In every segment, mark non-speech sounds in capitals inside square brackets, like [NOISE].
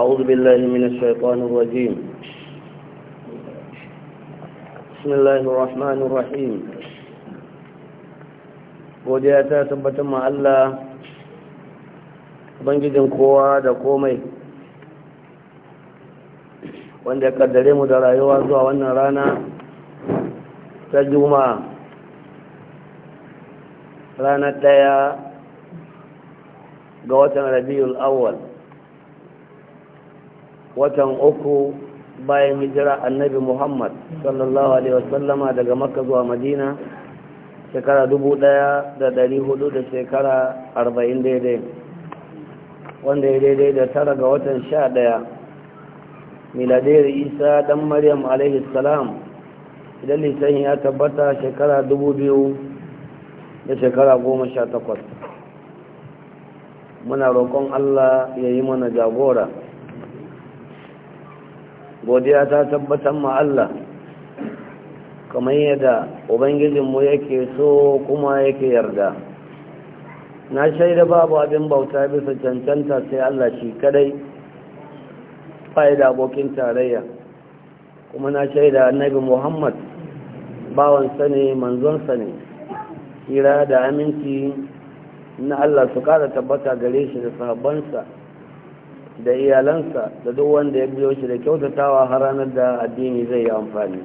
أعوذ بالله من الشيطان الرجيم بسم الله الرحمن الرحيم godiya ta tabbatar ma Allah ubangijin kowa da komai wanda ya kaddare mu da rayuwa zuwa wannan rana ta juma'a. ranar ɗaya ga watan rabiul awwal watan uku bayan hijira annabi muhammad sallallahu alaihi wasallama daga makka zuwa madina shekara dubu ɗaya da dari hudu da shekara arba'in daidai wanda ya daidai da tara ga watan sha ɗaya miladiyar isa dan maryam alaihi salam idan lissahin ya tabbata shekara dubu biyu da shekara goma sha takwas muna roƙon allah ya yi mana jagora godiya ta tabbatar ma Allah kamar yadda ubangijinmu yake so kuma yake yarda na shaida babu abin bauta bisa cancanta sai Allah shi kadai fa'ida abokin tarayya kuma na shaida annabi Muhammad bawansa ne manzonsa ne hira da aminci na Allah su kada tabbata gare shi da sahabbansa da iyalansa da duk wanda ya biyo shi da kyautatawa har ranar da addini zai yi amfani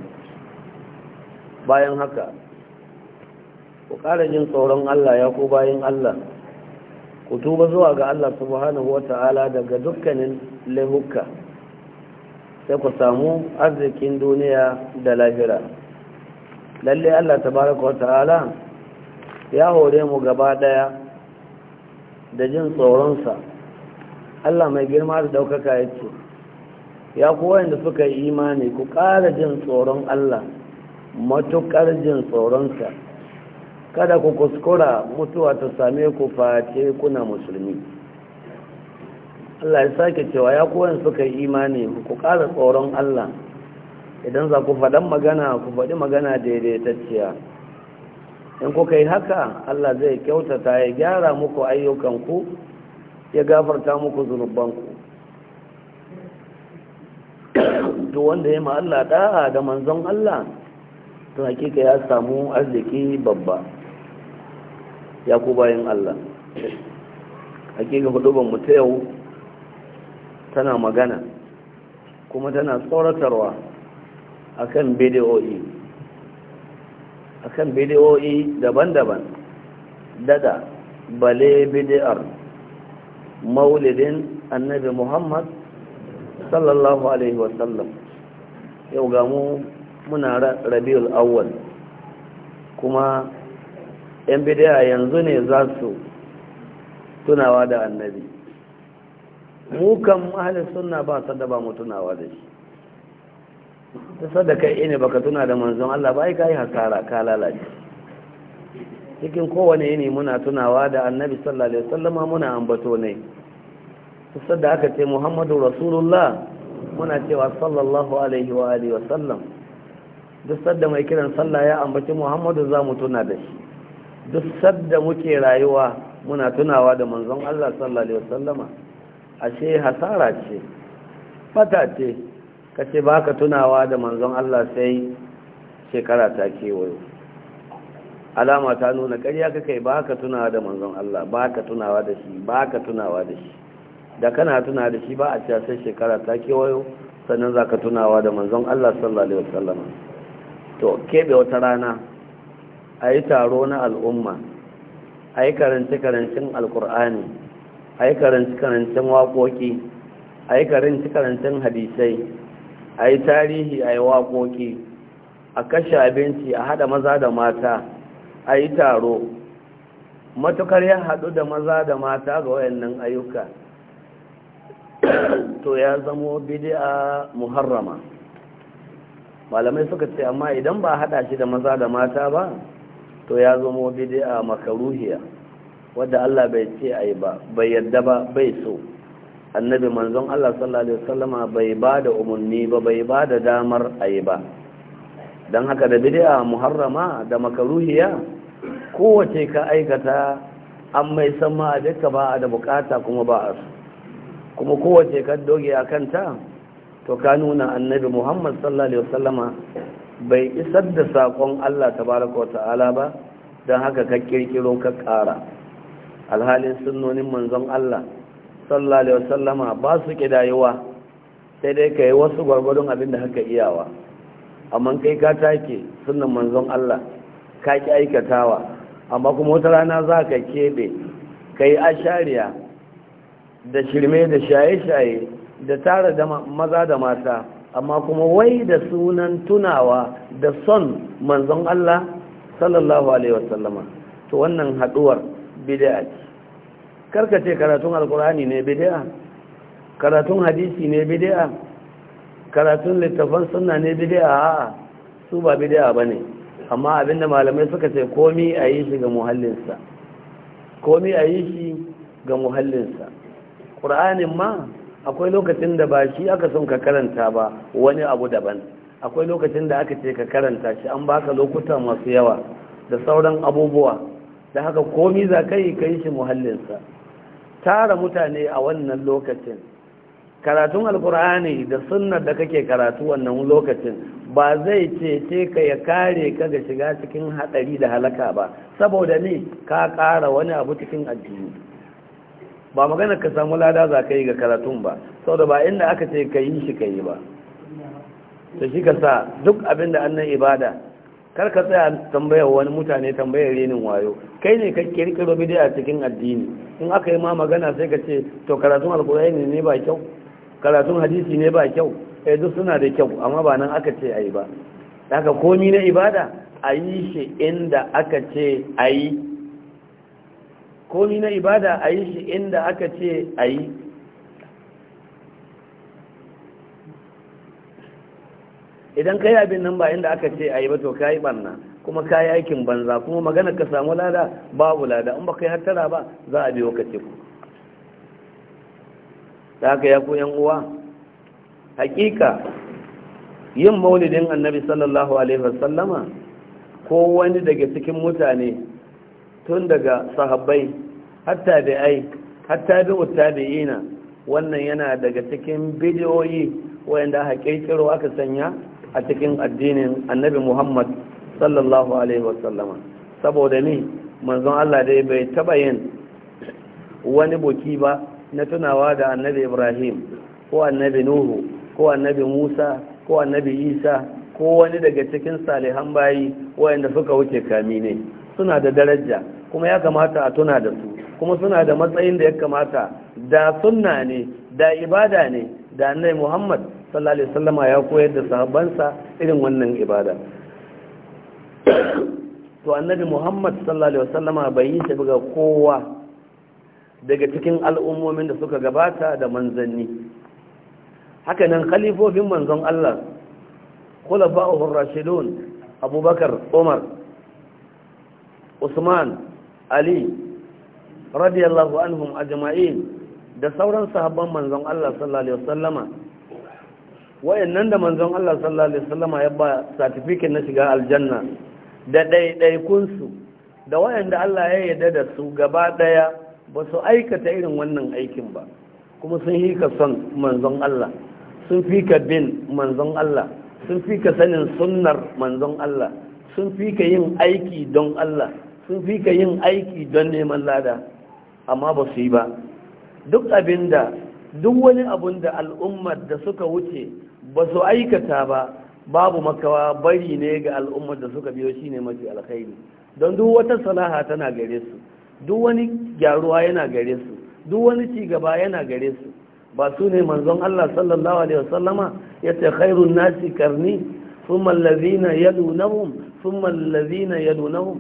bayan haka ku ƙara jin tsoron Allah ya ku bayan Allah ku tuba zuwa ga Allah subhanahu wa daga dukkanin laihuka sai ku samu arzikin duniya da lahira lalle Allah tabaraka wa ta'ala ya hore mu gaba daya da jin tsoronsa Allah mai girma da ɗaukaka ya ce ya kowa yadda suka yi imani ku ƙara jin tsoron Allah matuƙar jin tsoronsa kada ku kuskura mutuwa ta same ku face kuna musulmi Allah ya sake cewa ya kowa suka yi imani ku ƙara tsoron Allah idan za ku faɗan magana ku faɗi magana daidaitacciya in kuka yi haka Allah zai kyautata ya gyara muku ayyukan ku? ya gafarta muku zunubanku [COUGHS] to wanda ya ma Allah da'a da manzon Allah to hakika ya samu arziki babba ya ku bayan Allah hakika huduban ta yau tana magana kuma tana tsoratarwa akan bidiyoyi kan bidiyoyi daban-daban dada bale bidiyar maulidin annabi muhammad sallallahu alaihi wasallam yau ga mu muna rabiul awwal kuma yan bidiya yanzu ne za su tunawa da annabi mu kan mahalin sunna ba sadda ba mu tunawa da shi ta sadda kai ne baka tuna da manzon Allah ba ai kai hasara ka lalace cikin kowane yini muna tunawa da annabi sallallahu alaihi wasallama muna ambato ne sai da aka ce muhammadu rasulullah muna cewa sallallahu alaihi wa alihi wasallam duk sadda mai kiran sallah ya ambaci muhammadu za mu tuna da shi duk sadda muke rayuwa muna tunawa da manzon allah sallallahu alaihi wasallama ashe hasara ce fata ce ka ce ba ka tunawa da manzon allah sai shekara ta kewayo alama ta nuna ƙarya ka kai ba ka tunawa da manzon Allah ba ka tunawa da shi ba ka tunawa da shi da kana tuna da shi ba a cewa sai shekara ta kewayo sannan za ka tunawa da manzon Allah sallallahu alaihi wasallam to keɓe wata rana a yi taro na al'umma a yi karanci-karancin alkur'ani a yi karanci-karancin waƙoƙi a yi karanci-karancin hadisai a yi tarihi a yi waƙoƙi a kashe abinci a haɗa maza da mata a yi taro matukar ya haɗu da maza da mata ga wayannan ayyuka to ya zamo bidi'a muharrama malamai suka ce amma idan ba haɗa shi da maza da mata ba to ya zamo bidi'a makaruhiya wadda Allah bai ce a yi ba bai yadda ba bai so annabi manzon Allah sallallahu alaihi wasallama bai ba da umarni ba bai ba da damar a yi ba don haka da bidi'a muharrama da makaruhiya kowace ka aikata an mai san a duka ba a da bukata kuma ba a su kuma kowace ka doge a kanta to ka nuna annabi muhammad sallallahu alaihi wasallama bai isar da saƙon allah tabaraka wata'ala ba don haka ka kirkiro ka ƙara alhalin sunnonin manzon allah sallallahu alaihi wasallama ba su kidayewa sai dai ka yi wasu gwargwadon abin da haka iyawa amma kai ka take sunan manzon allah ka ki aikatawa amma kuma wata rana za ka keɓe ka yi ashariya da shirme da shaye-shaye da tara da maza da mata amma kuma wai da sunan tunawa da son manzon Allah sallallahu alaihi wasallama to wannan haduwar bid'a ce karkace karatun alkurani ne bid'a karatun hadisi ne bid'a karatun littafan sunna ne bid'a a'a su ba bid'a bane amma abinda malamai suka ce komi a yi shi ga muhallinsa komi a yi shi ga muhallinsa ƙur'anin ma akwai lokacin da ba shi aka son ka karanta ba wani abu daban akwai lokacin da aka ce ka karanta shi an baka lokuta masu yawa da sauran abubuwa da haka komi za ka yi ka yi shi muhallinsa tara mutane a wannan lokacin karatun alkur'ani da sunnar da kake karatu wannan lokacin ba zai ce ka ya kare ka ga shiga cikin hadari da halaka ba saboda ne ka kara wani abu cikin addini ba magana ka samu lada za ka yi ga karatun ba saboda ba inda aka ce ka yi shi ka yi ba to shi ka sa duk abin da annan ibada kar ka tsaya tambayar wani mutane tambayar renin wayo kai ne ka kirkiro bidiyar cikin addini in aka yi ma magana sai ka ce to karatun alkur'ani ne ba kyau karatun hadisi ne ba kyau ya eh, duk suna da kyau amma ba nan aka ce ayi ba daga komi na ibada a yi shi inda aka ce a yi komi na ibada a yi shi inda aka ce a yi idan ka yi abin nan ba inda aka ce a yi ba to ka yi ɓarna kuma ka yi aikin banza kuma magana ka samu lada babu lada in ba ka yi hattara ba za a biyo ka ce ku. ta haka ya koyan uwa hakika yin maulidin annabi sallallahu alaihi wasallama ko wani daga cikin mutane tun daga sahabbai hatta da ai hatta da uttabi'ina wannan yana daga cikin bidiyoyi wanda aka aka sanya a cikin addinin annabi Muhammad sallallahu alaihi wasallama saboda ni manzon Allah dai bai taba yin wani boki ba na tunawa da annabi ibrahim ko annabi nuhu ko annabi musa ko annabi isa ko wani daga cikin salihan bayi wayanda suka wuce kami ne suna da daraja kuma ya kamata a tuna da su kuma suna da matsayin da ya kamata da sunna ne da ibada ne da annabi muhammad sallallahu alaihi wasallama ya koyar da sahabbansa irin wannan ibada to annabi muhammad sallallahu alaihi wasallama bai yi shi ga kowa daga cikin al'ummomin da suka gabata da manzanni hakanan khalifofin manzon Allah khulafa'ur rashidun abubakar umar usman ali radiyallahu anhum ajma'in da sauran sahabban manzon Allah sallallahu alaihi wasallama wayannan da manzon Allah sallallahu alaihi wasallama ya ba certificate na shiga aljanna da ɗaiɗaikunsu da wayanda Allah ya yi da su gaba ɗaya ba su aikata irin wannan aikin ba kuma sun hika ka son manzon Allah sun fi ka bin manzon Allah sun fi ka sanin sunnar manzon Allah sun fi ka yin aiki don Allah sun fi ka yin aiki don neman lada amma ba su yi ba duk abin da duk wani abun da al'ummar da suka wuce ba su aikata ba babu makawa bari ne ga al'ummar da suka biyo shi ne mafi alkhairi don duk wata salaha tana gare su duk wani gyaruwa yana gare su duk wani cigaba yana gare su ba su ne manzon Allah sallallahu alaihi wasallama ya ce khairun nasi karni thumma allazina yadunahum thumma allazina yadunahum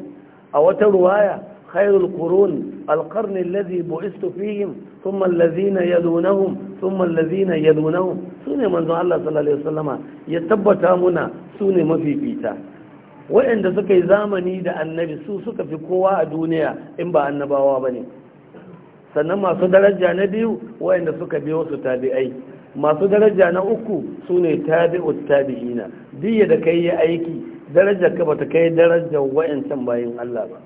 a wata ruwaya khairul qurun alqarn alladhi bu'istu fihim thumma allazina yadunahum thumma allazina yadunahum su ne manzon Allah sallallahu alaihi wasallama ya tabbata muna su ne mafifita waɗanda suka yi zamani da annabi su suka fi kowa a duniya in ba annabawa ba ne sannan masu daraja na biyu waɗanda suka biyo su tabi'ai masu daraja na uku su ne tabi'ut tabi'ina diya da kai yi aiki darajar ka bata kai darajar wayancan bayin Allah ba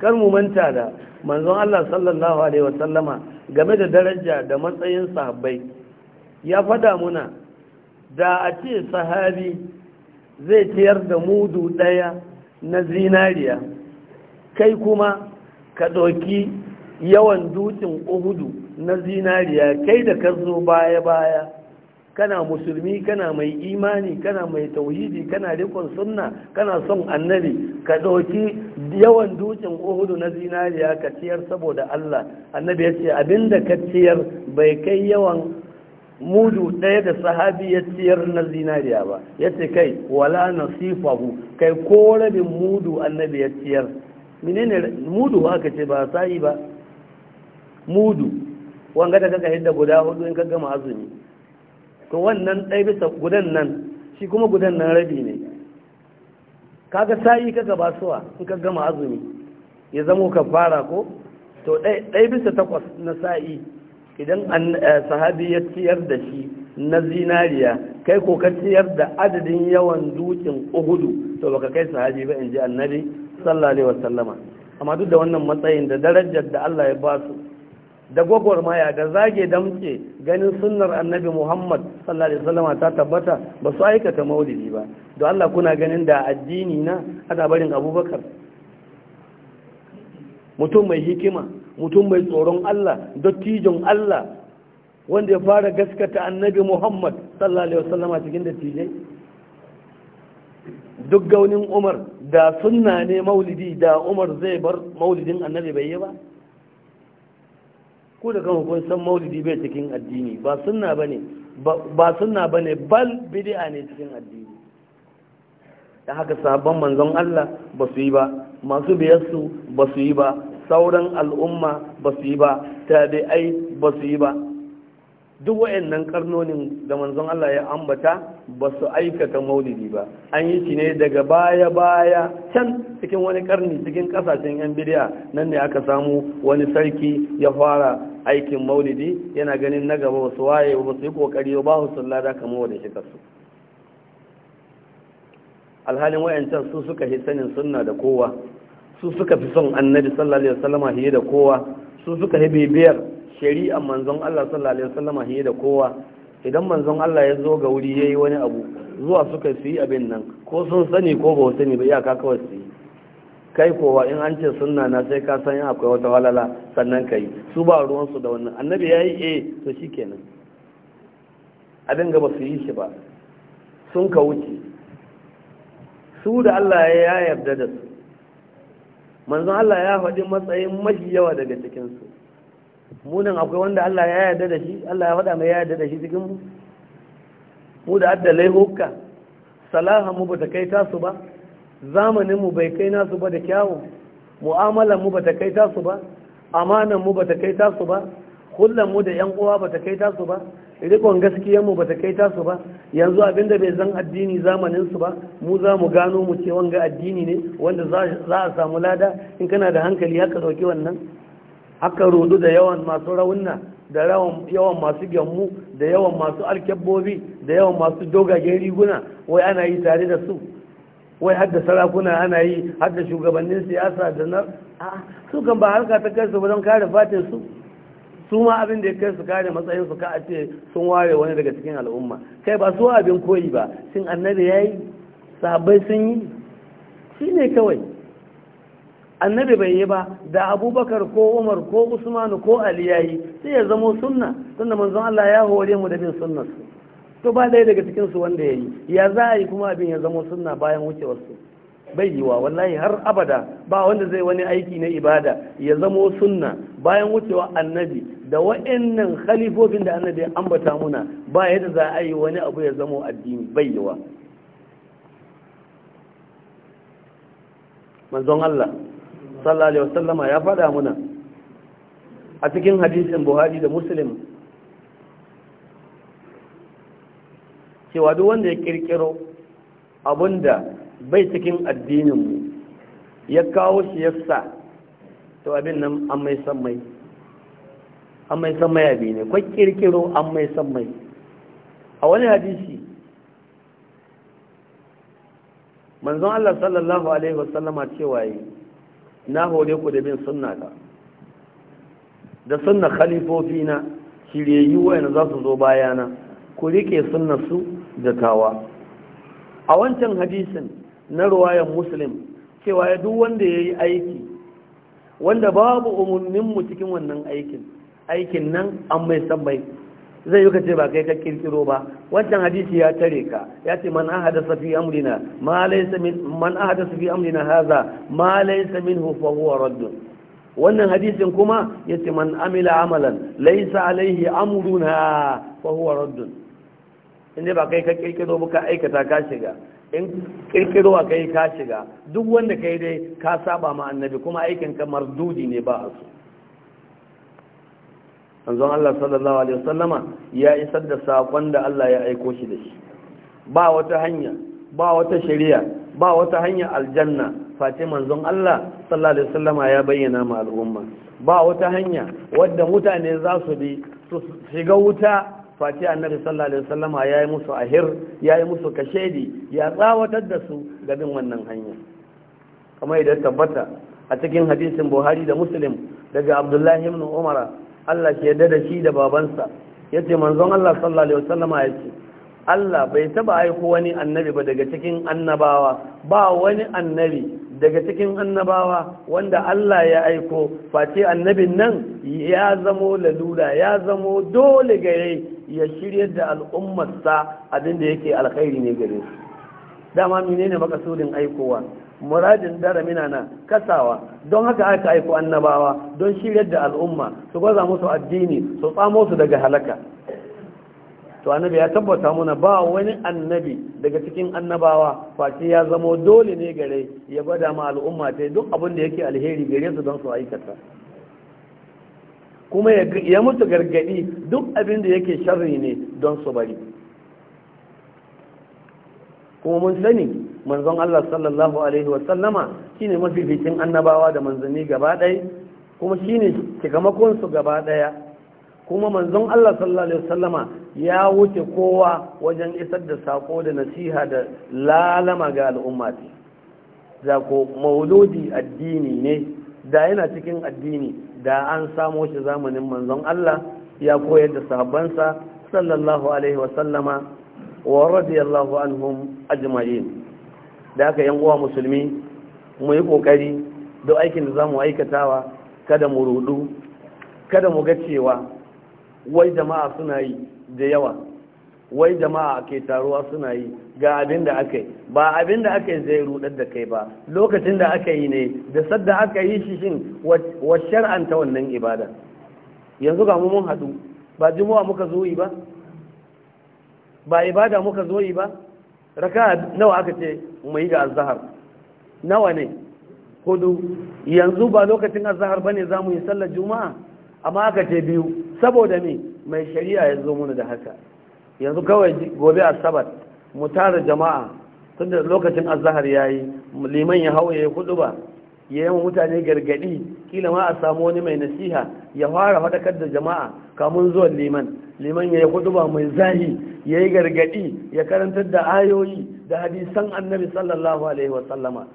kar mu manta da manzon Allah sallallahu alaihi wasallama game da daraja da matsayin sahabbai ya fada muna da a ce sahabi zai ciyar da mudu ɗaya na zinariya kai kuma ka ɗauki yawan dutsen uhudu na zinariya kai da ka zo baya-baya kana musulmi kana mai imani kana mai tauhidi kana rikon sunna kana son annabi ka ɗauki yawan dutsen uhudu na zinariya ka ciyar saboda Allah annabi ya ce abinda ka ciyar bai kai yawan mudu ɗaya da sahabi ya ciyar na zinariya ba ya ce kai wala nasifahu kai ko rabin mudu annabi ya ciyar menene mudu aka ce ba sa'i ba mudu wanga da kaka hidda guda hudu in ka gama azumi to wannan ɗaya bisa gudan nan shi kuma gudan nan rabi ne kaga sa'i kaga ba suwa in ka gama azumi ya zamo ka fara ko to ɗaya bisa takwas na sa'i idan eh, sahabi ya ciyar da shi na zinariya kai ko ka ciyar da adadin yawan dukin uhudu to baka kai sahabi ba in ji annabi sallallahu alaihi wasallama amma duk da wannan matsayin da darajar da Allah ya ba su da gwagwarmaya da zage damke ganin sunnar annabi muhammad sallallahu alaihi wasallama ta tabbata ba su aikata maulidi ba don allah kuna ganin da addini na ana barin abubakar mutum mai hikima mutum mai tsoron Allah dattijon Allah wanda ya fara gaskata annabi Muhammad sallallahu alaihi wasallam a cikin dattijai duk gaunin Umar da sunna ne maulidi da Umar zai bar maulidin annabi bai yi ba ko da kan kun san maulidi bai cikin addini ba sunna bane ba sunna bane bal bid'a ne cikin addini da haka sabon manzon Allah ba su yi ba masu biyarsu ba su yi ba sauran al'umma ba su yi ba tabi'ai ba su yi ba duk wayannan karnonin da manzon Allah ya ambata ba su aikata maulidi ba an yi shi ne daga baya baya can cikin wani karni cikin kasashen yan bidiya nan ne aka samu wani sarki ya fara aikin maulidi yana ganin na gaba ba su waye ba su yi kokari ba su lada kamar wanda shi kasu alhalin wayancan su suka hi sanin sunna da kowa su suka fi son annabi sallallahu alaihi wasallama hiye da kowa su suka hebe biyar shari'a manzon Allah sallallahu alaihi wasallama hiye da kowa idan manzon Allah ya zo ga wuri yayi wani abu zuwa suka fi abin nan ko sun sani ko ba sani ba iyaka kawai su yi kai kowa in an ce sunna na sai ka san akwai wata walala sannan ka yi su ba ruwansu da wannan annabi ya yi eh to shi kenan a dinga ba su yi shi ba sun ka wuce su da Allah ya yarda da su Manzun Allah ya faɗi matsayin mafi yawa daga cikinsu munin akwai wanda Allah ya yarda da shi Allah ya faɗa mai ya yarda da shi cikin mu da adda hukka, salaha mu bata kai tasu ba zamanin mu bai kai nasu ba da kyawu mu'amalan mu bata kai tasu ba amanan mu bata kai tasu ba hullan mu da yan uwa bata kai tasu ba rikon gaskiyar mu bata kai tasu ba yanzu abinda bai zan addini zamanin su ba mu za mu gano mu ce wanga addini ne wanda za a samu lada in kana da hankali haka dauki wannan haka rodo da yawan masu raunna da yawan masu gyanmu da yawan masu alkyabbobi da yawan masu dogagen riguna wai ana yi tare da su wai hadda sarakuna ana yi hadda shugabannin siyasa da na su kan ba harka ta kai su ba don kare fatin su su ma abin da ya kai su kare matsayin su ka a ce sun ware wani daga cikin al'umma kai ba su abin koyi ba shin annabi ya yi sahabbai sun yi shi ne kawai annabi bai yi ba da abubakar ko umar ko usmanu ko ali ya yi sai ya zamo sunna tunda manzon allah ya hore mu da bin sunnar su to ba ɗaya daga cikin su wanda ya yi ya za a yi kuma abin ya zamo sunna bayan wucewar su bai yiwa wallahi har abada ba wanda zai wani aiki na ibada ya zamo sunna bayan wucewa annabi da wa'annan khalifofin da annabi ya ambata muna ba yadda za a yi wani abu ya zamo addini bai yiwa manzon Allah sallallahu alaihi wasallama ya faɗa muna a cikin hadisin Buhari da Muslim cewa duk wanda ya kirkiro abinda bai cikin addininmu ya kawo shi ya sa to abin nan an mai san mai an mai san mai abi ne kwa kirkiro an mai san mai a wani hadisi manzon Allah sallallahu alaihi wasallama cewa yi na hore ku da bin sunna ta da sunna khalifofi na shiryayyu wayanda za su zo bayana ku rike sunna su da tawa a wancan hadisin na ruwayan muslim cewa ya duk wanda ya yi aiki wanda babu umarninmu cikin wannan aikin aikin nan an mai sabai zai yi kace ba kai ka kirkiro ba wancan hadisi ya tare ka ya ce man ahada safi amrina ma laysa min man ahada safi amrina hadha ma laysa minhu fa huwa radd wannan hadisin kuma yace man amila amalan laysa alaihi amruna fa huwa radd inda ba kai ka kirkiro ba ka aikata ka shiga in a kai ka shiga duk wanda kai dai ka saba ma annabi kuma aikin ka mardudi ne ba su manzon Allah sallallahu alaihi wasallama ya isar da sakon da Allah ya aiko shi da shi ba wata hanya ba wata shari'a ba wata hanya aljanna face manzon Allah sallallahu alaihi wasallama ya bayyana ma al'umma ba wata hanya wadda mutane za su bi su shiga wuta Fati annabi sallallahu alaihi wasallama yi musu ahir yi musu kashedi ya tsawatar da su ga bin wannan hanya kamar idan tabbata a cikin hadisin Buhari da Muslim daga Abdullahi ibn Umar Allah ke yadda da shi da babansa ya ce manzon Allah sallallahu alaihi wasallama yace Allah bai taba aiko wani annabi ba daga cikin annabawa ba wani annabi daga cikin annabawa wanda Allah ya aiko face annabin nan ya zamo lalura ya zamo dole gare ya shiryar da al'ummarsa abin yake alkhairi ne gare su dama menene makasudin aikowa muradin daramina na kasawa don haka aka aiko annabawa don shiryar da al'umma su gwaza musu addini su tsamo su daga halaka to annabi ya tabbata muna ba wani annabi daga cikin annabawa face ya zamo dole ne gare ya gwada ma al'umma ta duk abinda yake alheri gare su don su aikata kuma ya mutu gargadi duk abin da yake sharri ne don su bari kuma mun sani manzon Allah sallallahu alaihi wa sallama shine mafificin annabawa da manzanni gaba ɗaya kuma shine cikamakon su gaba kuma manzon Allah sallallahu alaihi wa sallama ya wuce kowa wajen isar da sako da nasiha da lalama ga al'umma ta ko mauludi addini ne da yana cikin addini da an samo shi zamanin manzon Allah ya koyar da sahabbansa sallallahu alaihi wa sallama wa radiyallahu anhum ajma'in da aka yan uwa musulmi mu yi kokari duk aikin da zamu aikatawa kada mu rudu kada mu ga cewa wai jama'a suna yi da yawa wai jama'a ke taruwa suna yi ga abin da aka yi ba abin da aka yi zai rudar da kai ba lokacin da aka yi ne da sadda aka yi shi shin wa shar'anta wannan ibada yanzu ga mu mun hadu ba juma'a muka zo yi ba ba ibada muka zo yi ba raka nawa aka ce mu yi ga azhar nawa ne hudu yanzu ba lokacin azhar bane zamu yi sallar juma'a amma aka ce biyu saboda me mai shari'a ya zo mana da haka yanzu kawai gobe asabar mu tara jama'a tun da lokacin azahar ya yi liman ya hau ya yi kudu ba ya yi mutane gargadi kila ma a samu wani mai nasiha ya fara faɗakar da jama'a kamun zuwan liman liman ya yi kudu ba mai zahi ya yi gargadi ya karantar da ayoyi da hadisan annabi sallallahu alaihi sallama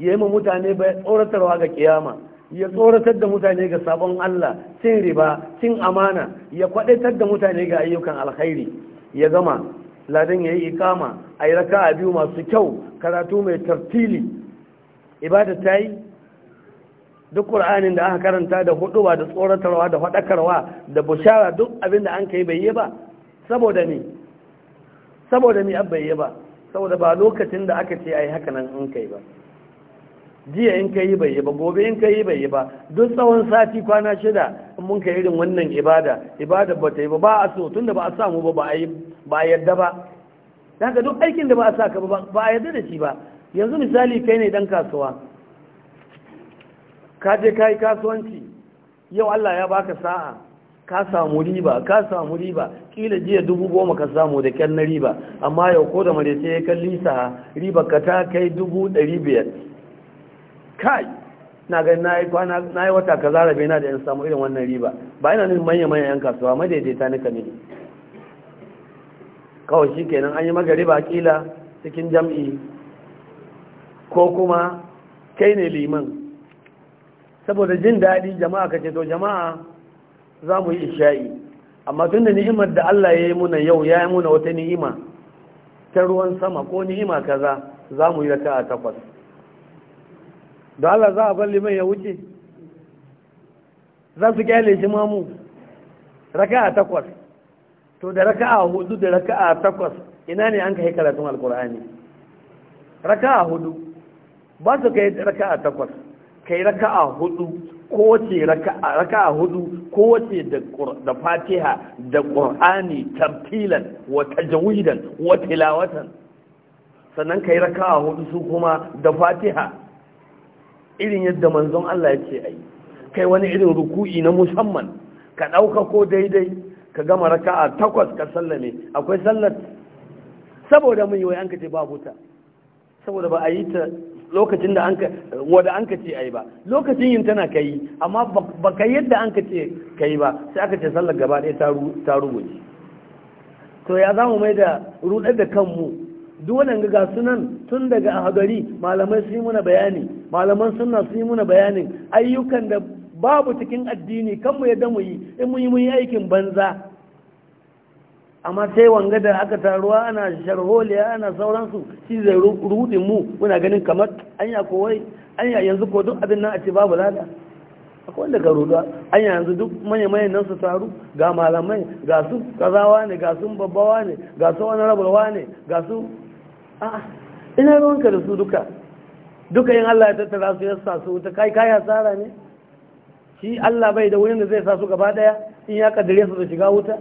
ya yi mutane bai tsoratarwa ga kiyama ya tsoratar da mutane ga sabon Allah cin riba cin amana ya kwadatar da mutane ga ayyukan alkhairi ya gama ladan ya yi ikama a yi raka a biyu masu kyau karatu mai tartili ibada ta yi duk ƙur'anin da aka karanta da huduwa da tsoratarwa da faɗakarwa da bushara duk abin da an kai bai yi ba saboda ne saboda ne yi ba saboda ba lokacin da aka ce a yi haka nan an kai ba jiya in ka yi bai yi ba gobe in ka yi bai yi ba duk tsawon sati kwana shida in mun ka irin wannan ibada ibada ba ta yi ba ba a so tunda ba a samu ba ba a yi ba a yarda ba duk aikin da ba a saka ba ba a yadda da shi ba yanzu misali kai ne dan kasuwa ka je ka yi kasuwanci yau Allah ya baka sa'a ka samu riba ka samu riba kila jiya dubu goma ka samu da kyan na riba amma yau ko da mare sai ya kalli sa riba ka ta kai dubu ɗari biyar kai na ga na yi wata kaza zarabe na da yan samu irin wannan riba ba ina nufin manya manyan yan kasuwa madaidaita nika ne kawai shi kenan an yi magariba kila cikin jam'i ko kuma kai ne liman saboda jin daɗi jama'a ka ce to jama'a za mu yi isha'i amma tun da ni'imar da Allah ya yi muna yau ya yi muna wata ni'ima ta ruwan sama ko ni'ima kaza za mu yi raka'a takwas da Allah za a bar liman ya wuce za su kyale shi mamu raka'a takwas to da raka'a hudu da raka'a takwas ina ne an ka kai karatun alkur'ani raka'a hudu ba su kai raka'a takwas kai raka'a hudu kowace raka'a hudu kowace da fatiha da ƙur'ani tamfilan wata jawidan wata tilawatan sannan kai raka'a hudu su kuma da fatiha irin yadda manzon Allah ya ce ai kai wani irin ruku'i na musamman ka ɗauka ko daidai ka gama raka'a takwas ka sallame akwai sallar saboda mun yi wai an ka ce babu ta saboda ba a yi ta lokacin da anka wanda anka ce ai ba lokacin yin tana kai amma ba ka yadda anka ce kai ba sai aka ce sallar gaba ɗaya ta rubuce to ya zamu mai da rudar da kanmu dole ga sunan tun daga ahadari malamai sun yi muna bayani malaman sunna sun yi muna bayanin ayyukan da babu cikin addini kan mu yadda mu yi in mu yi mun yi aikin banza amma sai wanga da aka taruwa ana sharholiya ana sauransu shi zai rudin mu muna ganin kamar anya kowai anya yanzu ko duk abin nan a ce babu lada akwai wanda ka rudu anya yanzu duk manya-manyan nan su taru ga malamai ga su kazawa ne ga su babbawa ne ga su wani rabarwa ne ga su a'a ah, ina ruwanka da su duka duka yin Allah ya tattara su ya sa su wuta kai kai hasara ne shi Allah bai da wurin da zai sa su gaba daya in ya kaddare su da shiga wuta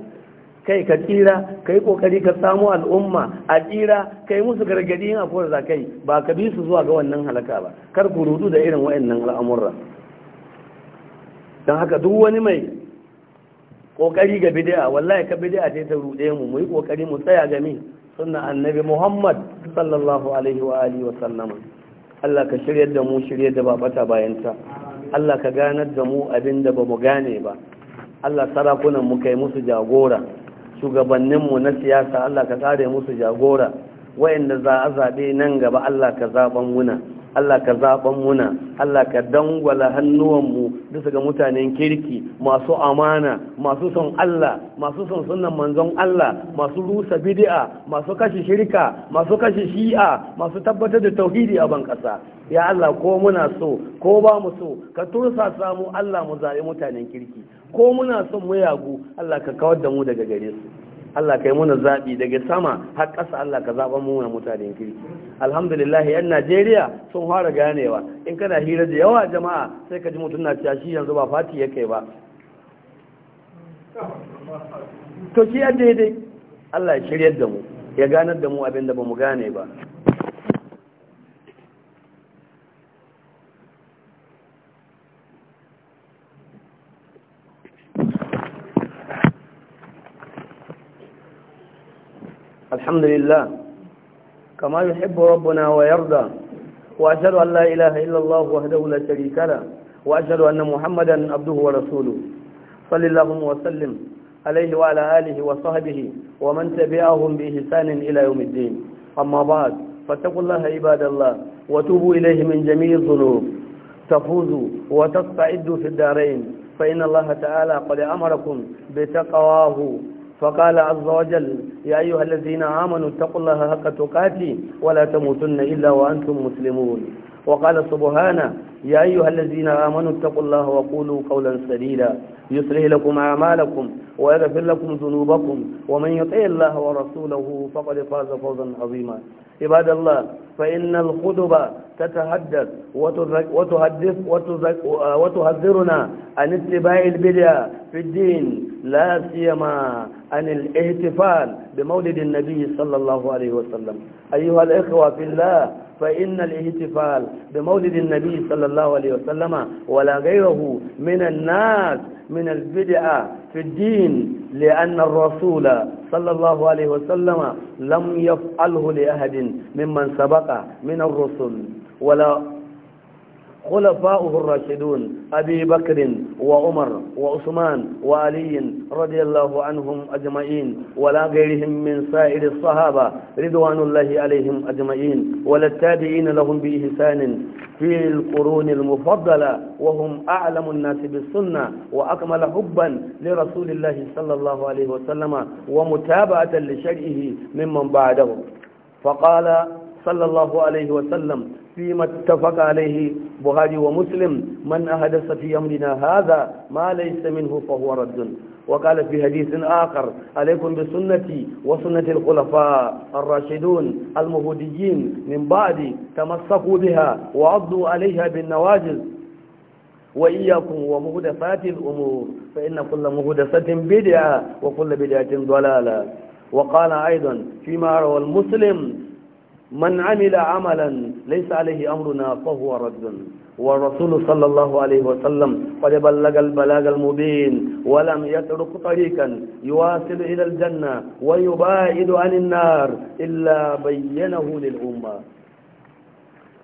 kai ka tsira ka yi kokari ka samu al'umma a tsira ka yi musu gargadi yin akwai za kai ba ka bi su zuwa ga wannan halaka ba kar ku rudu da irin wa'annan al'amurra don haka duk wani mai kokari ga bidi'a wallahi ka bidi'a ce ta rude mu mu yi kokari mu tsaya ga min suna annabi muhammad sallallahu alaihi wa alihi wa sallama Allah ka shirya da mu shirye da ba bata bayanta Allah ka ganar da mu abin da ba mu gane ba Allah sarakunan mu kai musu jagora shugabannin mu na siyasa Allah ka kare musu jagora wayanda za a zabe nan gaba Allah ka zaban muna Allah ka zaɓan muna Allah ka dangwala hannuwanmu bisa ga mutanen kirki masu amana masu son Allah masu son sunan manzon Allah masu rusa bid'a masu kashe shirka masu kashe shi'a masu tabbatar da tauhidi a ban ya Allah ko muna so ko ba mu so ka tursa samu Allah mu zaɓi mutanen kirki ko muna son mu yagu Allah ka kawar da mu daga gare su Allah kai muna zaɓi daga sama har ƙasa Allah ka zaɓa muna mutanen kirki alhamdulillah yan Najeriya sun fara ganewa in kana hira da yawa jama'a sai ka ji mutum na cewa yanzu ba fati ya kai ba to shi yadda dai Allah ya shiryar da mu ya ganar da mu abin da ba mu gane ba الحمد لله كما يحب ربنا ويرضى وأشهد أن لا إله إلا الله وحده لا شريك له وأشهد أن محمدا عبده ورسوله صلى الله وسلم عليه وعلى آله وصحبه ومن تبعهم بإحسان إلى يوم الدين أما بعد فاتقوا الله عباد الله وتوبوا إليه من جميع الذنوب تفوزوا وتستعدوا في الدارين فإن الله تعالى قد أمركم بتقواه فقال عز وجل يا أيها الذين آمنوا اتقوا الله حق تقاته ولا تموتن إلا وأنتم مسلمون وقال سبحانه يا أيها الذين آمنوا اتقوا الله وقولوا قولا سديدا يصلح لكم أعمالكم ويغفر لكم ذنوبكم ومن يطع الله ورسوله فقد فاز فوزا عظيما عباد الله فإن الخطبة تتحدث وتهدف وتهذرنا عن اتباع البدع في الدين لا سيما عن الاحتفال بمولد النبي صلى الله عليه وسلم أيها الإخوة في الله فإن الاحتفال بمولد النبي صلى الله عليه وسلم ولا غيره من الناس من البدع في الدين لأن الرسول صلى الله عليه وسلم لم يفعله لأحد ممن سبق من الرسل ولا خلفاؤه الراشدون أبي بكر وعمر وعثمان وعلي رضي الله عنهم أجمعين ولا غيرهم من سائر الصحابة رضوان الله عليهم أجمعين ولا التابعين لهم بإحسان في القرون المفضلة وهم أعلم الناس بالسنة وأكمل حبا لرسول الله صلى الله عليه وسلم ومتابعة لشرعه ممن بعده فقال صلى الله عليه وسلم فيما اتفق عليه بخاري ومسلم من أحدث في أمرنا هذا ما ليس منه فهو رد وقال في حديث آخر عليكم بسنتي وسنة الخلفاء الراشدون المهوديين من بعد تمسكوا بها وعضوا عليها بالنواجز وإياكم ومهدفات الأمور فإن كل مهدفة بدعة وكل بدعة ضلالة وقال أيضا فيما روى المسلم man amila amalan laysa alayhi amruna fa huwa raddun والرسول صلى الله عليه وسلم قد بلغ البلاغ المبين ولم يترك طريقا يواصل إلى الجنة ويباعد عن النار إلا بينه للأمة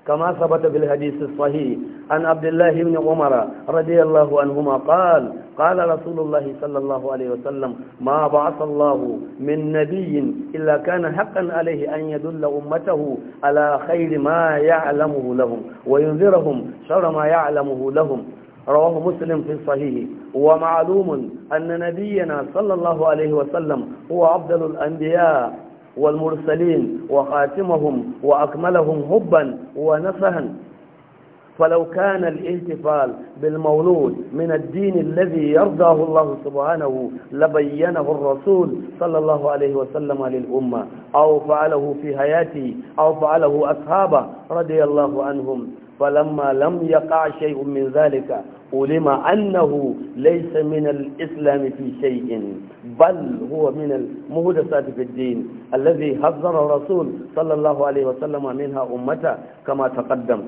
كما ثبت في الحديث الصحيح عن عبد الله بن عمر رضي الله عنهما قال قال رسول الله صلى الله عليه وسلم ما بعث الله من نبي إلا كان حقا عليه أن يدل أمته على خير ما يعلمه لهم وينذرهم شر ما يعلمه لهم رواه مسلم في الصحيح ومعلوم أن نبينا صلى الله عليه وسلم هو أفضل الأنبياء والمرسلين وخاتمهم وأكملهم حبا ونفها فلو كان الاحتفال بالمولود من الدين الذي يرضاه الله سبحانه لبينه الرسول صلى الله عليه وسلم للأمة أو فعله في حياته أو فعله أصحابه رضي الله عنهم فلما لم يقع شيء من ذلك علم أنه ليس من الإسلام في شيء بل هو من المهدسات في الدين الذي حذر الرسول صلى الله عليه وسلم منها أمته كما تقدم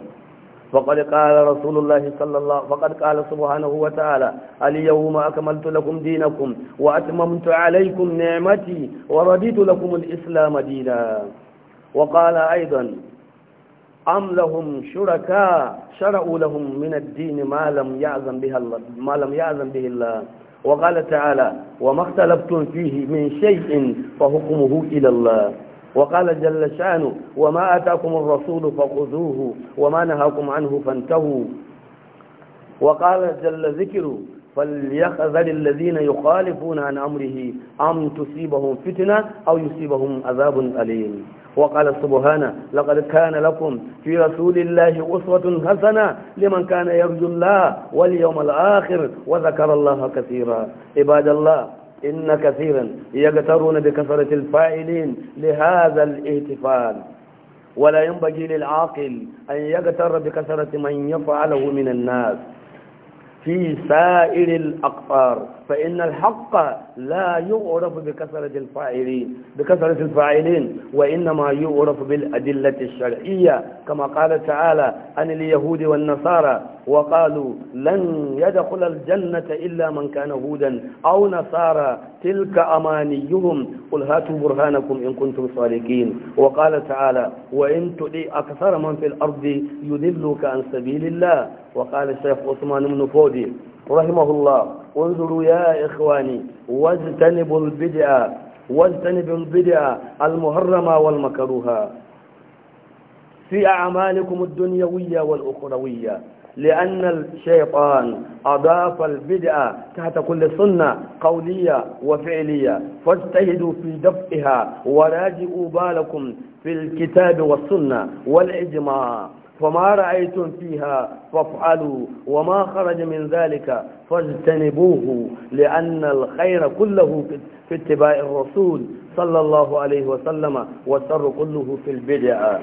فقد قال رسول الله صلى الله فقد قال سبحانه وتعالى اليوم أكملت لكم دينكم وأتممت عليكم نعمتي ورضيت لكم الإسلام دينا وقال أيضا أم لهم شركاء شرعوا لهم من الدين ما لم يأذن به الله ما لم يأذن به الله وقال تعالى وما اختلفتم فيه من شيء فحكمه إلى الله وقال جل شانه وما أتاكم الرسول فخذوه وما نهاكم عنه فانتهوا وقال جل ذكره فليحذر الذين يخالفون عن أمره أن تصيبهم فتنة أو يصيبهم عذاب أليم وقال سبحانه لقد كان لكم في رسول الله أسوة حسنة لمن كان يرجو الله واليوم الآخر وذكر الله كثيرا عباد الله إن كثيرا يقترون بكثرة الفاعلين لهذا الاحتفال ولا ينبغي للعاقل أن يقتر بكثرة من يفعله من الناس في سائر الأقطار فإن الحق لا يعرف بكثرة الفاعلين بكثرة الفاعلين وإنما يعرف بالأدلة الشرعية كما قال تعالى عن اليهود والنصارى وقالوا لن يدخل الجنة إلا من كان هودا أو نصارى تلك أمانيهم قل هاتوا برهانكم إن كنتم صادقين وقال تعالى وإن تؤذي أكثر من في الأرض يذلك عن سبيل الله وقال الشيخ عثمان بن فودي رحمه الله انظروا يا إخواني واجتنبوا البدع واجتنبوا البدع المهرمة والمكروهة في أعمالكم الدنيوية والأخروية لأن الشيطان أضاف البدعة تحت كل سنة قولية وفعلية فاجتهدوا في دفعها وراجعوا بالكم في الكتاب والسنة والإجماع فما رأيتم فيها فافعلوا وما خرج من ذلك فاجتنبوه لأن الخير كله في اتباع الرسول صلى الله عليه وسلم والشر كله في البدع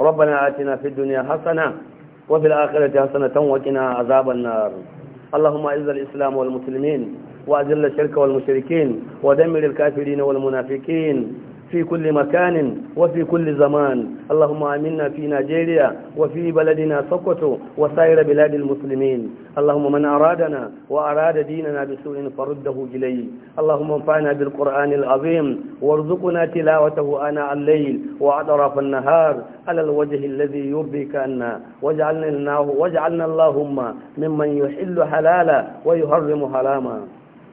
ربنا آتنا في الدنيا حسنة وفي الآخرة حسنة وقنا عذاب النار اللهم أعز الإسلام والمسلمين وأذل الشرك والمشركين ودمر الكافرين والمنافقين في كل مكان وفي كل زمان اللهم آمنا في نيجيريا وفي بلدنا سقط وسائر بلاد المسلمين اللهم من أرادنا وأراد ديننا بسوء فرده إليه اللهم انفعنا بالقرآن العظيم وارزقنا تلاوته آناء الليل وأطراف النهار على الوجه الذي يرضيك عنا واجعلنا اللهم ممن يحل حلالا ويحرم حراما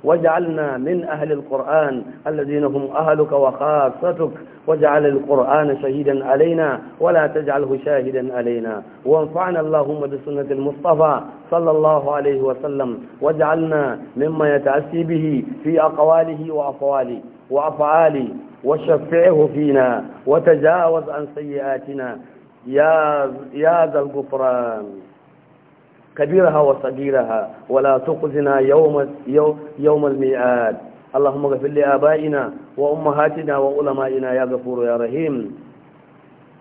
واجعلنا من أهل القرآن الذين هم أهلك وخاصتك واجعل القرآن شهيدا علينا ولا تجعله شاهدا علينا وانفعنا اللهم بسنة المصطفى صلى الله عليه وسلم واجعلنا مما يتأسي به في أقواله وأقواله وأفعاله وشفعه فينا وتجاوز عن سيئاتنا يا يا ذا الغفران كبيرها وصغيرها ولا تخزنا يوم يوم الميعاد اللهم اغفر لآبائنا وأمهاتنا وعلمائنا يا غفور يا رحيم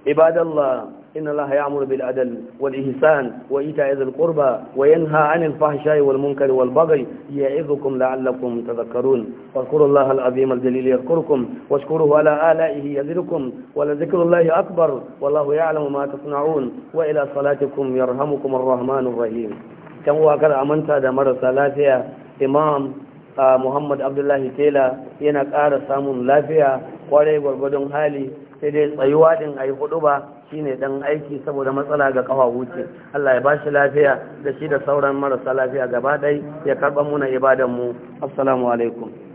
عباد الله إن الله يأمر بالعدل والإحسان وإيتاء ذي القربى وينهى عن الفحشاء والمنكر والبغي يعظكم لعلكم تذكرون واذكروا الله العظيم الجليل يذكركم واشكروه على آلائه يزدكم ولذكر الله أكبر والله يعلم ما تصنعون وإلى صلاتكم يرحمكم الرحمن الرحيم كم وكر أمنت دمر ثلاثة إمام Muhammad Abdullahi Tela yana ƙara samun lafiya kwarai gwargwadon hali sai dai tsayuwa din a yi hudu ba shine dan aiki saboda matsala ga kafa wuce Allah ya bashi lafiya da shi da sauran marasa lafiya gaba ɗaya ya karɓa muna ibadan mu assalamu alaikum